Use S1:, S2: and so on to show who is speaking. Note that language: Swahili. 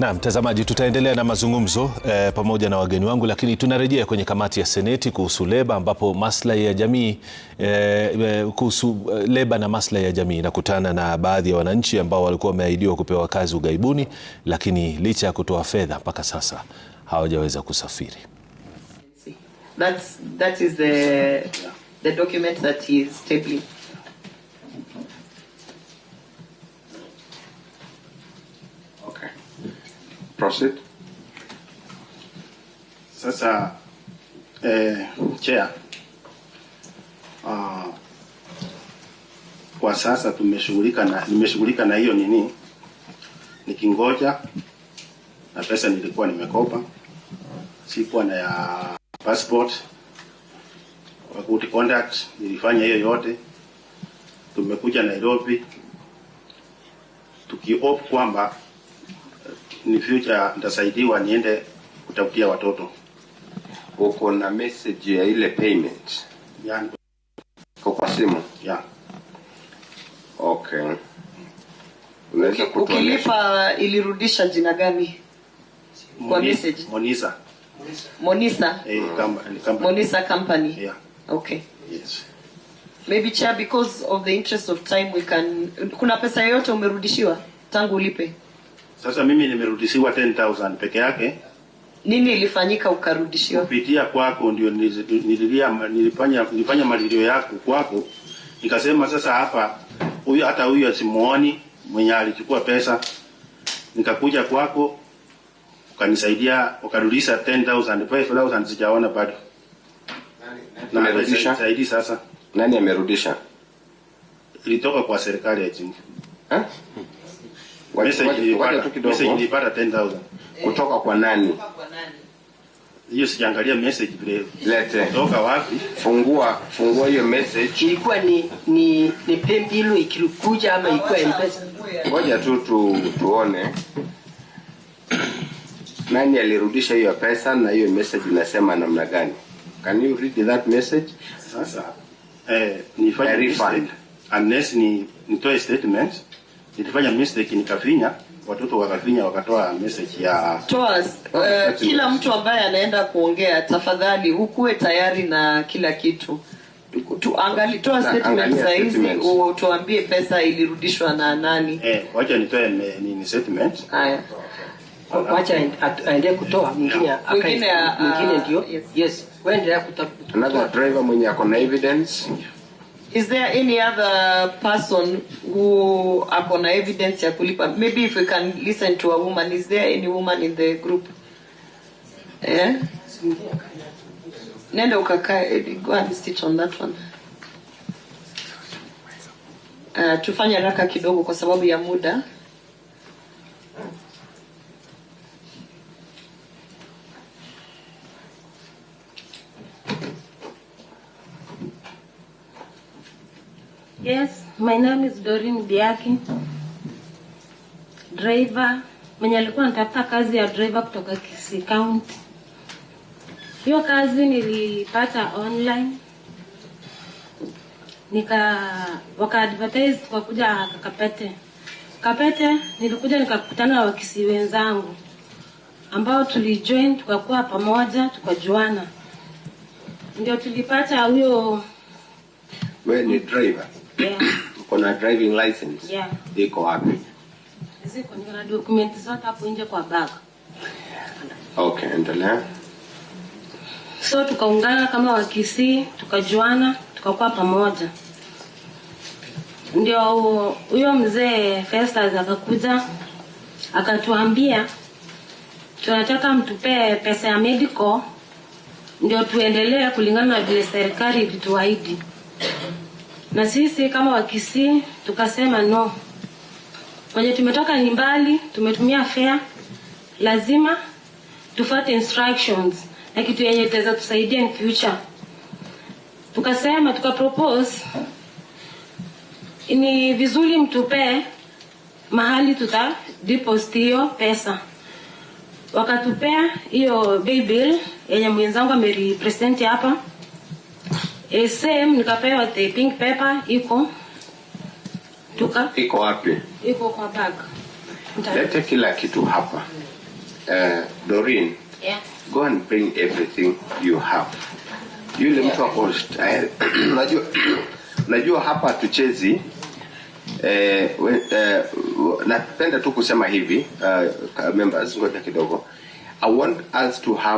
S1: Na mtazamaji, tutaendelea na mazungumzo eh, pamoja na wageni wangu, lakini tunarejea kwenye kamati ya Seneti kuhusu leba ambapo maslahi ya jamii eh, eh kuhusu eh, leba na maslahi ya jamii inakutana na baadhi ya wananchi ambao walikuwa wameahidiwa kupewa kazi ughaibuni, lakini licha ya kutoa fedha mpaka sasa hawajaweza kusafiri.
S2: That's, that is the, the document that he is
S3: it.
S4: Sasa eh, chair uh, kwa sasa tumeshughulika na nimeshughulika na hiyo nini, nikingoja na pesa nilikuwa nimekopa, sikuwa na ya passport good conduct, nilifanya hiyo yote. Tumekuja Nairobi tukiop kwamba in future nitasaidiwa niende kutafutia watoto.
S3: Uko na message ya ile payment yani. Kwa kwa simu yeah. Okay,
S2: unaweza ukilipa uh, ilirudisha jina gani
S4: kwa message? Monisa Monisa hey, eh, company.
S2: Monisa company yeah. Okay yes. Maybe chair because of the interest of time we can. Kuna pesa yoyote umerudishiwa tangu ulipe?
S4: Sasa mimi nimerudishiwa 10000 peke yake.
S2: Nini ilifanyika ukarudishiwa?
S4: Kupitia kwako ndio nililia, nilifanya nilifanya malilio yako kwako, nikasema sasa hapa huyu hata huyu asimuoni mwenye alichukua pesa, nikakuja kwako ukanisaidia, ukarudisha 10000 5000, sijaona bado nani amerudisha.
S3: Saidi sasa nani amerudisha?
S4: Ilitoka kwa serikali ya jimbo eh nilipata 10000 eh.
S3: kutoka kwa nani?
S4: Hiyo sijaangalia message vile. Lete. Kutoka wapi?
S3: Fungua, fungua hiyo message.
S2: Ilikuwa ni ni ni pembilo ikikuja ama ilikuwa mpesa?
S3: Ngoja tu tu tuone. Nani alirudisha hiyo pesa na hiyo message inasema namna gani? Can you read that message?
S4: Sasa eh ni fanya refund unless ni nitoe statement nilifanya mistake nikafinya, watoto wakafinya, wakatoa message ya
S2: Toas, Uh, ah, eh, kila mtu ambaye anaenda kuongea, tafadhali hukuwe tayari na kila kitu tuangalie, toa statement za hizi tuambie pesa ilirudishwa na nani.
S4: Eh, wacha nitoe ni, ni statement haya
S2: Wacha aendelee kutoa mwingine mwingine ah, ah, ndio. Yes, wewe Waendelea kutoa.
S3: Another driver mwenye ako na evidence
S2: Is there any other person who ako na evidence ya kulipa? Maybe if we can listen to a woman. Is there any woman in the group? Yeah? Nenda ukakae, go and sit on that one. Uh, tufanye haraka kidogo kwa sababu ya muda.
S5: Yes, my name is Doreen Biaki. Driver, mwenye alikuwa natafuta kazi ya driver kutoka Kisii County. Hiyo kazi nilipata online. Nika waka advertise kwa kuja Kapete. Kapete nilikuja nikakutana na wakisi wenzangu ambao tulijoin tukakuwa pamoja tukajuana. Ndio tulipata huyo.
S3: Wewe ni driver?
S5: Yeah.
S3: Uko na driving license? Yeah. Iko wapi?
S5: zote hapo nje
S3: Okay, endelea.
S5: So tukaungana kama Wakisii, tukajuana, tukakuwa pamoja. Ndio huyo mzee Festus akakuja akatuambia tunataka mtupee pesa ya medical ndio tuendelee kulingana na vile serikali ilituahidi na sisi kama Wakisii tukasema no, kwenye tumetoka ni mbali, tumetumia fare, lazima tufuate instructions na kitu yenye itaweza tusaidia in future. Tukasema tuka propose ni vizuri mtupee mahali tuta deposit hiyo pesa. Wakatupea hiyo bill yenye mwenzangu ameripresent hapa. E same nikapewa the pink paper iko tuka iko wapi? Iko kwa bag.
S3: Lete kila kitu hapa. Uh, Doreen. Yeah. Go and bring everything you have. Yule mtu ako tayari. Najua najua hapa tuchezi eh, eh, napenda tu kusema hivi uh, members, ngoja kidogo. I want us to have